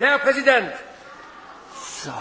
Herr Präsident! So.